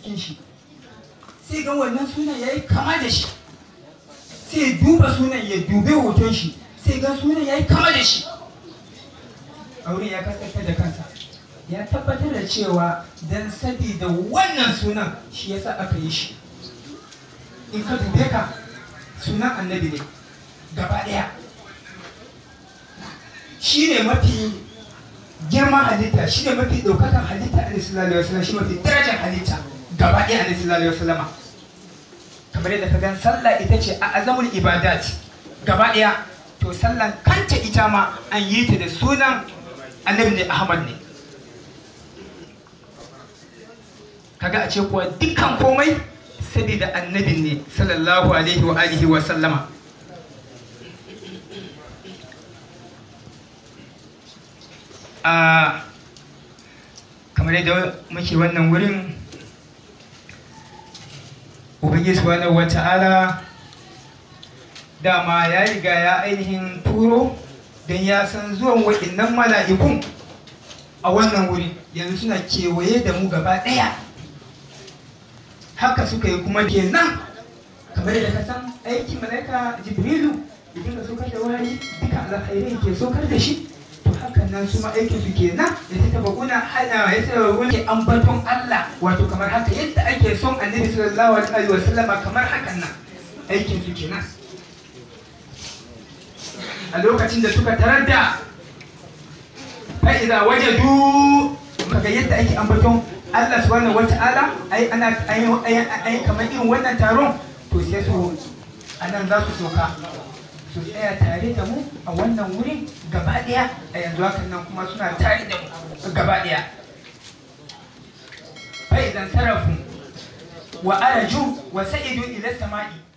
cikin shi sai ga wannan sunan ya yi kama da shi sai duba sunan ya dube hoton shi sai ga sunan ya yi kama da shi aure ya kasance da kansa ya tabbatar da cewa don sabida wannan sunan shi yasa aka yi shi in ka dube ka sunan annabi ne gaba ɗaya shi ne mafi girman halitta shi ne mafi ɗaukakan halitta a islamiyya alaihi shi mafi darajar halitta gaba ɗaya annabi sallallahu alaihi wasallama kamar yadda ka gan sallah ita ce a azamul ibadat gaba ɗaya to sallan kanta ita ma an yi ta da sunan annabi ne ahmad ne kaga a ce kuwa dukkan komai sabida annabin ne sallallahu alaihi wa alihi wa sallama ah, kamar yadda muke wannan wurin ubangiji subhanahu wata'ala dama ya riga ya ainihin turo don ya san zuwan waɗannan mala'ikun a wannan wuri yanzu suna kewaye da mu gaba ɗaya haka suka yi kuma kenan kamar yadda ka san aiki mala'ika jibrilu idan ka sokar da wari duka alkhairai ke sokar da shi to hakan nan su ma aikin su kenan ba kuna ya yasa an ambaton Allah wato kamar haka yadda ake son annabi sallallahu alaihi sallama kamar hakan nan aikin su kenan a lokacin da suka tarar da fa'iza wajadu kaga yadda ake ambaton Allah subhanahu ta'ala ai ana ai kamar irin wannan taron to sai su anan za su soka su tsaya tare da mu a wannan wuri gaba daya a yanzu hakan nan kuma suna tare da mu gaba ɗaya fa idan sarafu wa araju wa sa'idu ila sama'i